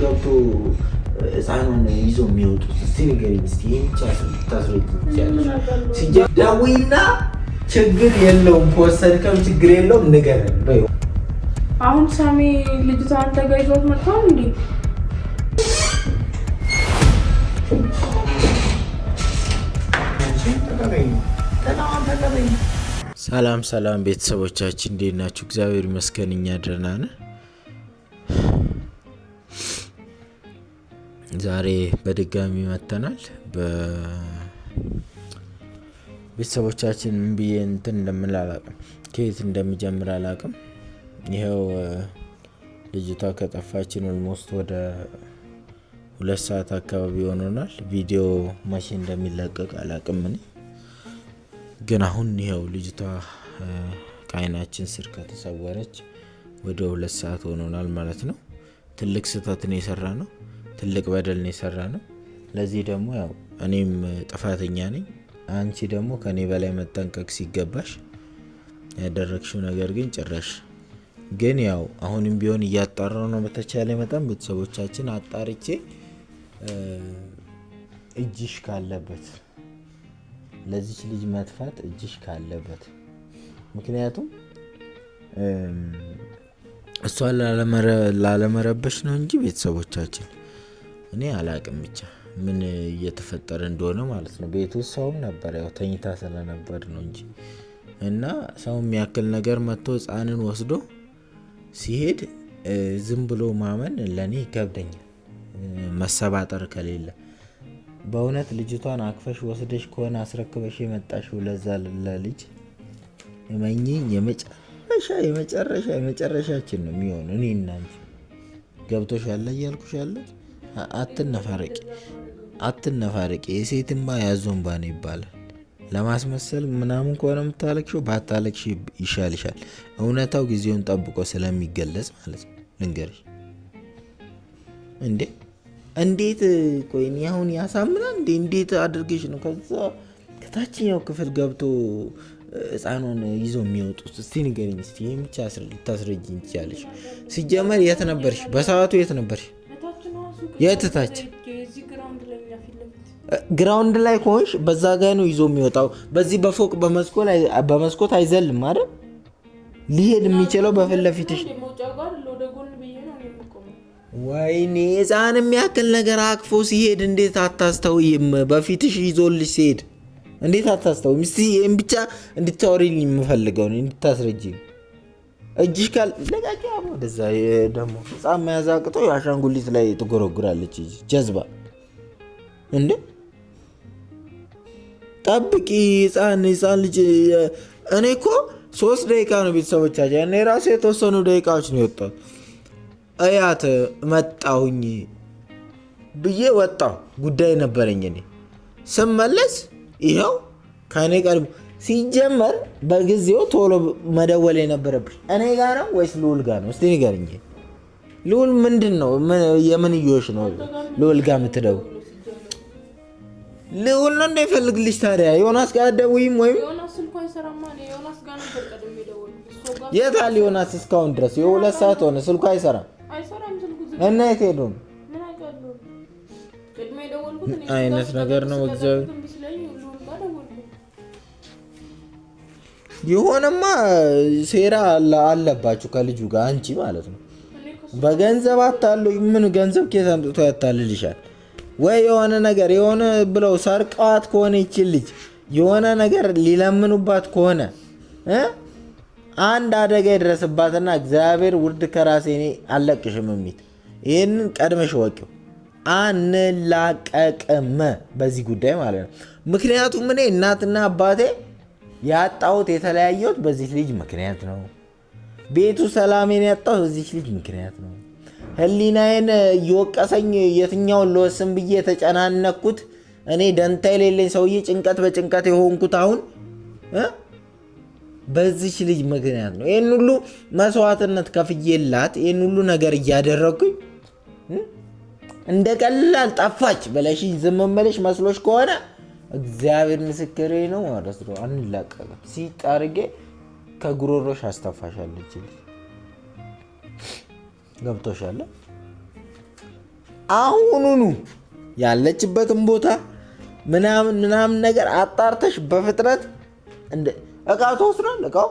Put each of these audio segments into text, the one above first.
ገብቶ ይዞ የሚወጡት እስቲ ንገሪኝ እስቲ። ብቻ ደውይና ችግር የለውም ከወሰድከም ችግር የለውም ንገረን በይ። አሁን ሳሚ አንተ ጋር ይዟት መጥቷል እንዴ? ሰላም ሰላም ቤተሰቦቻችን እንዴት ናችሁ? እግዚአብሔር ይመስገን እኛ ደህና ነን። ዛሬ በድጋሚ መተናል። ቤተሰቦቻችን ምን ብዬ እንትን እንደምል አላቅም፣ ከየት እንደሚጀምር አላቅም። ይኸው ልጅቷ ከጠፋችን ኦልሞስት ወደ ሁለት ሰዓት አካባቢ ሆኖናል። ቪዲዮ መቼ እንደሚለቀቅ አላቅም እኔ ግን አሁን ይኸው ልጅቷ ከዓይናችን ስር ከተሰወረች ወደ ሁለት ሰዓት ሆኖናል ማለት ነው። ትልቅ ስህተትን የሰራ ነው። ትልቅ በደል ነው የሰራ ነው። ለዚህ ደግሞ ያው እኔም ጥፋተኛ ነኝ። አንቺ ደግሞ ከእኔ በላይ መጠንቀቅ ሲገባሽ ያደረግሽው ነገር ግን ጭራሽ ግን ያው አሁንም ቢሆን እያጣራው ነው። በተቻለ መጠን ቤተሰቦቻችን አጣርቼ እጅሽ ካለበት ለዚች ልጅ መጥፋት እጅሽ ካለበት ምክንያቱም እሷን ላለመረበሽ ነው እንጂ ቤተሰቦቻችን እኔ አላቅም ብቻ ምን እየተፈጠረ እንደሆነ ማለት ነው። ቤቱ ሰውም ነበር ያው ተኝታ ስለነበር ነው እንጂ እና ሰው የሚያክል ነገር መጥቶ ህፃንን ወስዶ ሲሄድ ዝም ብሎ ማመን ለእኔ ይከብደኛል። መሰባጠር ከሌለ በእውነት ልጅቷን አክፈሽ ወስደሽ ከሆነ አስረክበሽ የመጣሽው ለዛ ለልጅ መኝ የመጨረሻ የመጨረሻ የመጨረሻችን ነው የሚሆኑ እኔ እናንቺ ገብቶሻል እያልኩሽ ያለች አትነፋረቂ አትነፋረቂ። የሴትማ ያዞን ባን ይባላል። ለማስመሰል ምናምን ከሆነ የምታለቅሽው ባታለቅሽ ይሻልሻል። እውነታው ጊዜውን ጠብቆ ስለሚገለጽ ማለት ነው። ልንገርሽ እንዴ እንዴት ቆይኒ አሁን ያሳምናል እንዴ? እንዴት አድርገሽ ነው ከዛ ከታችኛው ክፍል ገብቶ ህፃኗን ይዞ የሚወጡት? እስቲ ንገሪኝ እስቲ። ይህም ብቻ ልታስረጅ ትችያለሽ። ሲጀመር የት ነበርሽ? በሰዓቱ የት ነበርሽ? የት ታች ግራውንድ ላይ ከሆንሽ በዛ ጋ ነው ይዞ የሚወጣው። በዚህ በፎቅ በመስኮት አይዘልም አይደል? ሊሄድ የሚችለው በፊት ለፊትሽ። ወይኔ ሕፃን የሚያክል ነገር አቅፎ ሲሄድ እንዴት አታስተውይም? በፊትሽ ይዞልሽ ሲሄድ እንዴት አታስተውይም? ብቻ እንድታወሪልኝ የምፈልገው እንድታስረጅኝ እጅሽ ካል ለቃቂ ወደዛ ደግሞ ህፃን መያዝ አቅቶ አሻንጉሊት ላይ ትጎረጉራለች። ጀዝባ እንዴ ጠብቂ ህፃን ህፃን ልጅ እኔ እኮ ሶስት ደቂቃ ነው ቤተሰቦቻቸው። እኔ ራሱ የተወሰኑ ደቂቃዎች ነው የወጣሁት። እያት መጣሁኝ ብዬ ወጣሁ። ጉዳይ ነበረኝ እኔ ስመለስ ይኸው ከእኔ ቀድሞ ሲጀመር በጊዜው ቶሎ መደወል የነበረብሽ እኔ ጋ ነው ወይስ ልውል ጋ ነው? እስቲ ንገሪኝ። ልውል ምንድን ነው የምንዮሽ ነው? ልውል ጋ የምትደውል ልውል ነው እንደ ይፈልግልሽ። ታዲያ ዮናስ ጋ ደውይም ወይም የት አለ ዮናስ? እስካሁን ድረስ የሁለት ሰዓት ሆነ፣ ስልኩ አይሰራም። እና የት ሄዶ ነው? አይነት ነገር ነው እግዚአብሔር የሆነማ ሴራ አለባችሁ ከልጁ ጋር አንቺ ማለት ነው። በገንዘብ አታሉ። ምን ገንዘብ ኬት አምጥቶ ያታልልሻል? ወይ የሆነ ነገር የሆነ ብለው ሰርቀዋት ከሆነ ይችን ልጅ የሆነ ነገር ሊለምኑባት ከሆነ አንድ አደጋ የደረስባትና እግዚአብሔር ውርድ ከራሴ እኔ አልለቅሽም የሚል ይህንን ቀድመሽ ወቂው። አንላቀቅም በዚህ ጉዳይ ማለት ነው። ምክንያቱም እኔ እናትና አባቴ ያጣሁት የተለያየሁት በዚህ ልጅ ምክንያት ነው። ቤቱ ሰላሜን ያጣሁት በዚህ ልጅ ምክንያት ነው። ህሊናዬን እየወቀሰኝ የትኛውን ልወስን ብዬ የተጨናነኩት እኔ ደንታ የሌለኝ ሰውዬ ጭንቀት በጭንቀት የሆንኩት አሁን በዚች ልጅ ምክንያት ነው። ይህን ሁሉ መስዋዕትነት ከፍዬላት ይህን ሁሉ ነገር እያደረግኩኝ እንደ ቀላል ጠፋች ብለሽ ዝም እምልሽ መስሎሽ ከሆነ እግዚአብሔር ምስክሬ ነው ማለት ነው። አንላቀቅም። ሲጣርጌ ከጉሮሮሽ አስተፋሻለች። ገብቶሻል? አሁኑኑ ያለችበትን ቦታ ምናምን ምናምን ነገር አጣርተሽ በፍጥነት እቃ ተወስዷል። እቃው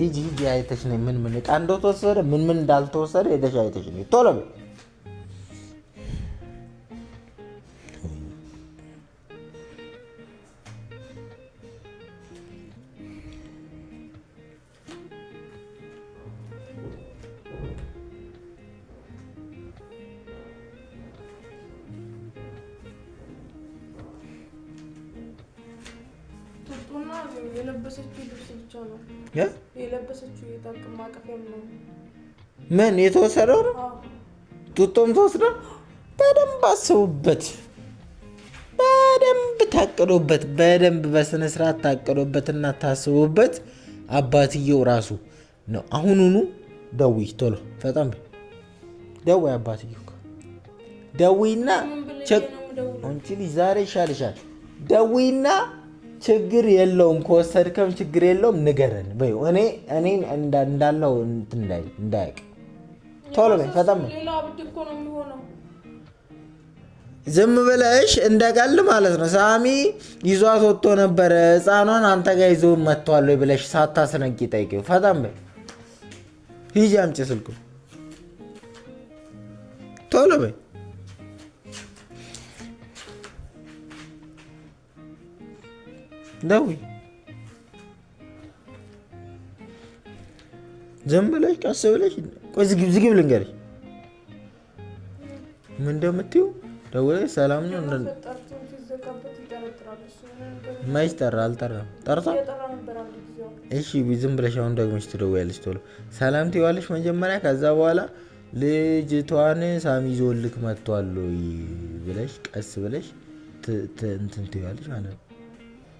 ሂጂ ሂጂ አይተሽ ነይ። ምን ምን እቃ እንደተወሰደ ምን ምን እንዳልተወሰደ ሄደሽ አይተሽ ነይ። ቶሎ በይ ምን የተወሰደው ነው? ጡጦም ተወስደ። በደንብ አስቡበት። በደንብ ታቅዶበት፣ በደንብ በስነ ስርዓት ታቅዶበት እና ታስቡበት። አባትየው ራሱ ነው። አሁኑኑ ደውይ፣ ቶሎ በጣም ደውይ። አባትየው ደውይና፣ አንቺ ልጅ ዛሬ ይሻልሻል። ደውይና ችግር የለውም ከወሰድከም ችግር የለውም ንገረን በይው። እኔ እኔ እንዳለው እንዳያቅ ቶሎ ነው ፈጠን ዝም ብለሽ እንደቀል ማለት ነው። ሳሚ ይዟት ወጥቶ ነበረ ህፃኗን አንተ ጋር ይዞ መጥቷል ወይ ብለሽ ሳታስነቂ ጠይቂው። ፈጠን በይ ሂጂ አምጪ ስልኩ ቶሎ በይ። ደዊ ዝም ብለሽ ቀስ ብለሽ ቆይ፣ ዝግብ ልንገርሽ ምን እንደምትይው ደውለሽ ሰላም ነው እንደ መች ጠራ? አልጠራም። ጠርቷል። እሺ ዝም ብለሽ አሁን ደግመሽ ትደውያለሽ። ቶሎ ሰላም ትይዋለሽ መጀመሪያ። ከዛ በኋላ ልጅቷን ሳሚ ይዞልክ መጥቷል ወይ ብለሽ ቀስ ብለሽ እንትን ትይዋለሽ ማለት ነው።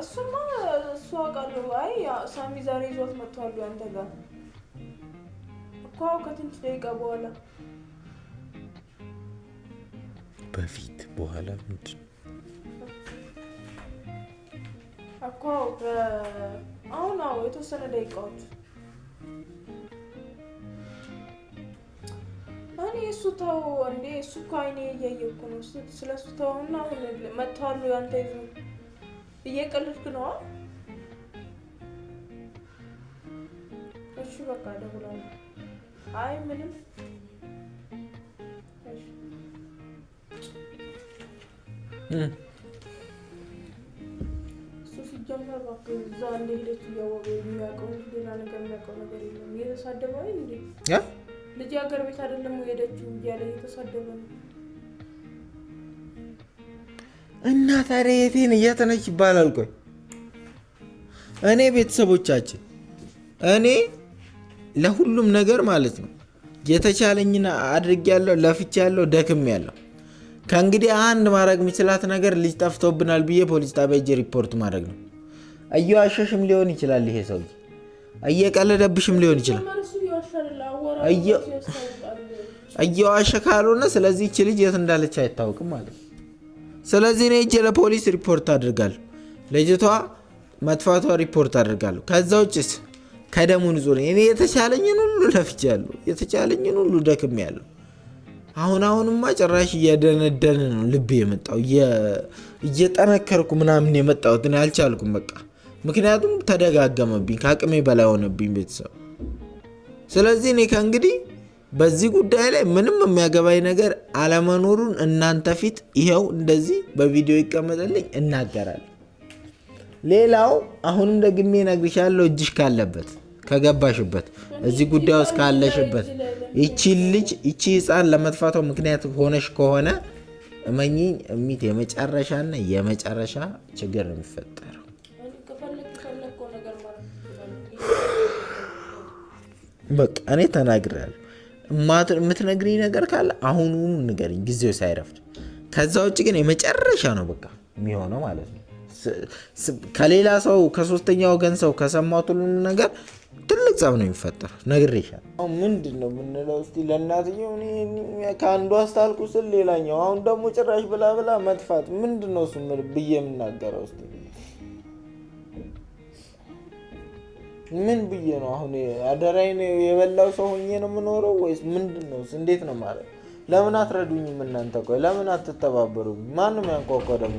እሱማ እሱ አውቃለሁ። አይ ሳሚ ዛሬ ይዟት መጥቷል። አንተ ጋር እኮ ከትንሽ ደቂቃ በኋላ በፊት በኋላ ምንድን እኮ አሁን አዎ፣ የተወሰነ ደቂቃዎች እኔ እሱ ተው እንዴ! እሱ እኮ አይኔ እያየኩ ነው። ስለሱ ተውና አሁን ይዞ እየቀለድክ ነዋ እሺ በቃ እደውላለሁ። አይ ምንም እሱ ሲጀመር እባክህ እዛ እንደሄደች እያወቀ የሚያውቀው ሌላ ነገር የሚያውቀው ነገር የለም። እየተሳደበ ልጅ ሀገር ቤት አይደለም ሄደችው እያለ እየተሳደበ ነው እና ታዲያ የቴን እያተነች ይባላል። ቆይ እኔ ቤተሰቦቻችን እኔ ለሁሉም ነገር ማለት ነው የተቻለኝን አድርጌያለሁ፣ ለፍቻለሁ፣ ደክሜያለሁ። ከእንግዲህ አንድ ማድረግ የምችላት ነገር ልጅ ጠፍቶብናል ብዬ ፖሊስ ጣቢያ ሄጄ ሪፖርት ማድረግ ነው። እየዋሸሽም ሊሆን ይችላል ይሄ ሰውዬ፣ እየቀለደብሽም ሊሆን ይችላል። እየዋሸ ካልሆነ ስለዚህ ልጅ የት እንዳለች አይታወቅም ማለት ነው። ስለዚህ እኔ ሄጄ ለፖሊስ ሪፖርት አድርጋለሁ። ልጅቷ መጥፋቷ ሪፖርት አድርጋለሁ። ከዛ ውጭስ ከደሙ ንጹህ እኔ የተቻለኝን ሁሉ ለፍቻለሁ። የተቻለኝን ሁሉ ደክሜያለሁ። አሁን አሁንማ ጭራሽ እየደነደነ ነው ልብ የመጣው እየጠነከርኩ ምናምን የመጣሁት እኔ አልቻልኩም በቃ። ምክንያቱም ተደጋገመብኝ፣ ከአቅሜ በላይ ሆነብኝ ቤተሰብ። ስለዚህ እኔ ከእንግዲህ በዚህ ጉዳይ ላይ ምንም የሚያገባኝ ነገር አለመኖሩን እናንተ ፊት ይኸው እንደዚህ በቪዲዮ ይቀመጥልኝ እናገራለሁ። ሌላው አሁንም ደግሜ እነግርሻለሁ፣ እጅሽ ካለበት ከገባሽበት፣ እዚህ ጉዳይ ውስጥ ካለሽበት፣ ይቺ ልጅ ይቺ ህፃን ለመጥፋቷ ምክንያት ሆነሽ ከሆነ እመኚኝ እሚት የመጨረሻና የመጨረሻ ችግር ነው የሚፈጠረው። በቃ እኔ ተናግራለሁ። የምትነግሪኝ ነገር ካለ አሁኑኑ ንገሪኝ፣ ጊዜው ሳይረፍድ። ከዛ ውጭ ግን የመጨረሻ ነው በቃ የሚሆነው ማለት ነው። ከሌላ ሰው ከሶስተኛ ወገን ሰው ከሰማሁት ነገር ትልቅ ጸብ ነው የሚፈጠር። ነግሬሻለሁ። አሁን ምንድን ነው የምንለው? እስኪ ለእናትየው ከአንዱ አስታልቁ ስል ሌላኛው አሁን ደግሞ ጭራሽ ብላ ብላ መጥፋት ምንድን ነው ስምል ብዬ የምናገረው እስኪ ምን ብዬ ነው አሁን አደራዬን የበላው ሰው ሆኜ ነው የምኖረው ወይስ ምንድን ነው? እንዴት ነው ማለት? ለምን አትረዱኝም እናንተ? ቆይ ለምን አትተባበሩኝ? ማንም ያንቋቋ ደግሞ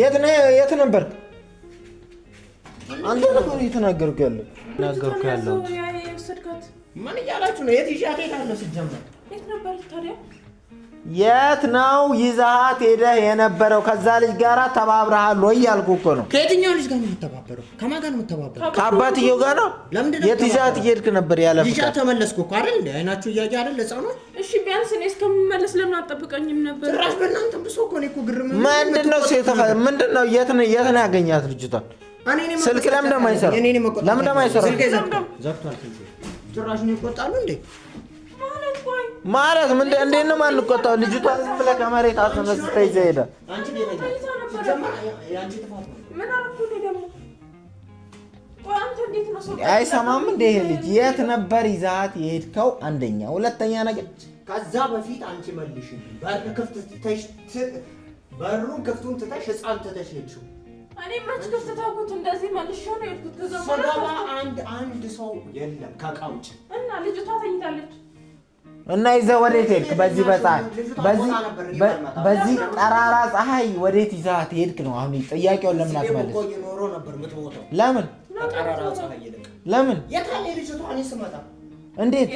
የት ነህ? የት ነበር? አንተ ነበር እየተናገርኩ ያለው ተናገርኩ ያለው ምን እያላችሁ ነው? የት ይሻት የት አለ የት ነበር ታዲያ? የት ነው ይዛሃት ሄደህ የነበረው? ከዛ ልጅ ጋር ተባብረሃል ወይ ያልኩ እኮ ነው። ከየትኛው ልጅ ጋር ነው የምተባበረው? ከማን ጋር ነው የምተባበረው? ከአባትየው ጋር ነው። የት ይዛሃት እየሄድክ ነበር? ያለ ይዛ ተመለስኩ እኮ አይደል? እንደ አይናችሁ እያየ አይደል? ለጻ እሺ ቢያንስ እኔ እስከምመለስ ለምን አጠብቀኝም ነበር? ጭራሽ በእናንተ ብሶ እኮ ነው እኮ ግርም። ምንድን ነው ሴት ምንድን ነው? የት ነው የት ነው ያገኛት ልጅቷን? ስልክ ለምን ደማይሰራ ለምን ደማይሰራ ጭራሽ ነው ይቆጣሉ እንዴ ማለት ምን እንዴት ነው የማንቆጣው? ልጅቷ ዝም ብለህ ከመሬት አስነስታ ይዘህ ሄደ። አይሰማም እንደ ይሄ ልጅ የት ነበር ይዛት የሄድከው? አንደኛ፣ ሁለተኛ ነገር ከዛ በፊት አንቺ መልሽ በሩን ክፍቱን ትተሽ ህፃን ትተሽ ሄድሽው። እኔ መች ክፍት ተውኩት፣ እንደዚህ መልሼ ነው የሄድኩት። አንድ አንድ ሰው የለም ከእቃ ውጭ እና ልጅቷ ተኝታለች። እና ይዘህ ወዴት ሄድክ? በዚህ በፀሐይ በዚህ ጠራራ ፀሐይ ወዴት ይዘሃት ሄድክ ነው አሁን ጥያቄውን። ለምን አትመለስ? ለምን ለምን? እንዴት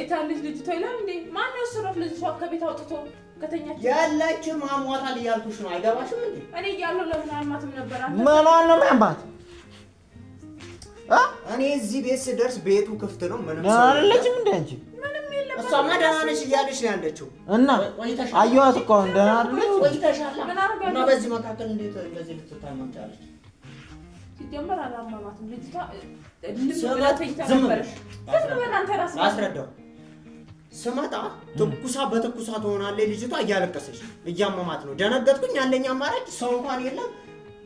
ያለችም አሟታል እያልኩሽ ነው። አይገባሽም? እኔ እያለሁ ለምን አልማትም ነበር? አንተ ምን አለ ማማት እኔ እዚህ ቤት ስደርስ ቤቱ ክፍት ነው። ምንም ሰው አይደለችም እንዴ አንቺ እሷማ ደህና ነሽ እያለች ነው ያለችው። እና አየኋት እኮ አሁን ደህና አይደለች። በዚህ መካከል እንዴት በዚህ ልትታመም ቻለች? ሲጀመር አላማማትም ልጅቷ። አስረዳው ስመጣ ትኩሳ በትኩሳ ትሆናለች ልጅቷ። እያለቀሰች እያመማት ነው። ደነገጥኩኝ። ያለኝ አማራጭ ሰው እንኳን የለም።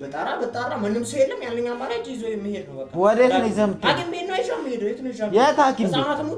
በጣራ በጣራ ምንም ሰው የለም። ያለኝ አማራጭ ይዞ የሚሄድ ነው። ወዴት ነው ይዘምት? ሐኪም ቤት ነው ይዤ የምሄደው። የት ነው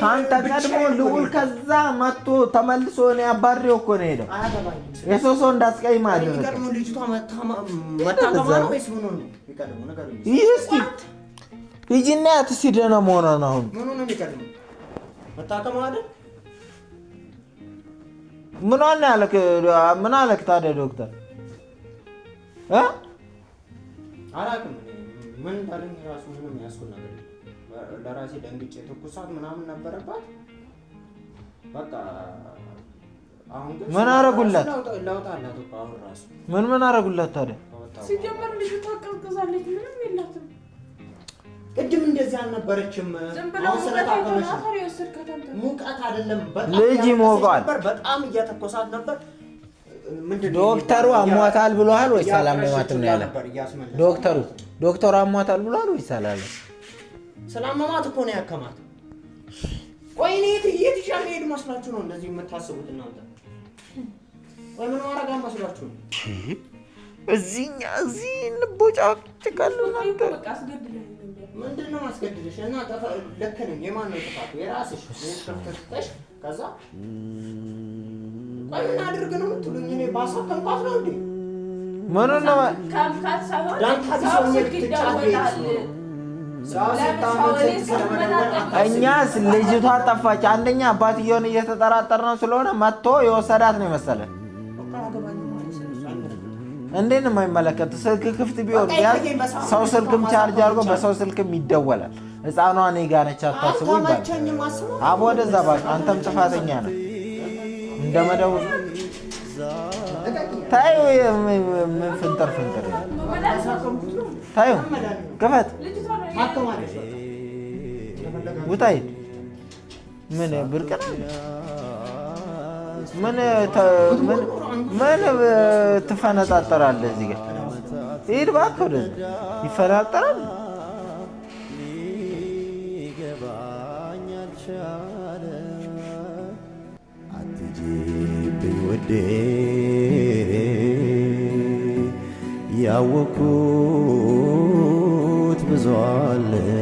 ከአንተ ቀድሞ ልዑል ከዛ መጥቶ ተመልሶ እኔ አባሬው እኮ ነው የሄደው። የሰው ሰው እንዳስቀይም አለ ይህ እስኪ ሂጂና ያት እስኪ ደህና መሆኗን አሁን ምኗን ያለክ ምን አለክ ታዲያ ዶክተር እ ለራሴ ደንግጬ ትኩሳት ምናምን ነበረባት። በቃ አሁን ግን ምን አረጉላት? ለውጥ እኮ አሁን ራሱ ምን ምን አረጉላት ታዲያ? ሲጀመር ልጅ ታቀዝቅዛለች፣ ምንም የላትም። ቅድም እንደዚህ አልነበረችም። ሙቀት አይደለም ልጅ ይሞቀዋል። በጣም እያተኮሳት ነበር። ዶክተሩ አሟታል ብሏል ወይስ አላሟትም ነው ያለ? ዶክተሩ ዶክተሩ አሟታል ብሏል ወይስ አላለም? ስላመማት እኮ ነው ያከማት። ቆይ እኔ የት የት ይሻል ሄድ መስላችሁ ነው እንደዚህ የምታስቡት እናንተ? ወይ ምን ማረጋ መስላችሁ ነው? እዚህኛ እዚህ እንቦጫጭቃለን እናንተ። ምንድን ነው ማስገድደሽ? እና ልክ ነኝ። የማን ነው ጥፋቱ? የራስሽ ክፍተሽ። ከዛ ምን አድርግ ነው የምትሉኝ? እኔ ባሳተንኳት ነው እንዴ? ምኑን ነው ዳንካት ሰው ልትጫ ነው እኛስ ልጅቷ ጠፋች። አንደኛ አባትየውን እየተጠራጠር ነው ስለሆነ መጥቶ የወሰዳት ነው የመሰለ። እንዴት ነው የማይመለከት? ስልክ ክፍት ቢሆን ቢያንስ ሰው ስልክም ቻርጅ አድርጎ በሰው ስልክም ይደወላል። ህፃኗ እኔ ጋር ነች አታስቡ ይባል። አቦ ወደዛ ባክ፣ አንተም ጥፋተኛ ነው እንደ መደቡ ታዩ። ምን ፍንጥር ፍንጥር ታዩ። ክፈት ውጣ ሂድ። ምን ብርቅ ምን ምን ትፈነጣጠራለህ? እዚህ ጋር ሂድ እባክህ። ወደ ይፈናጠራል። አትጅብኝ ውዴ ያወኩ বলে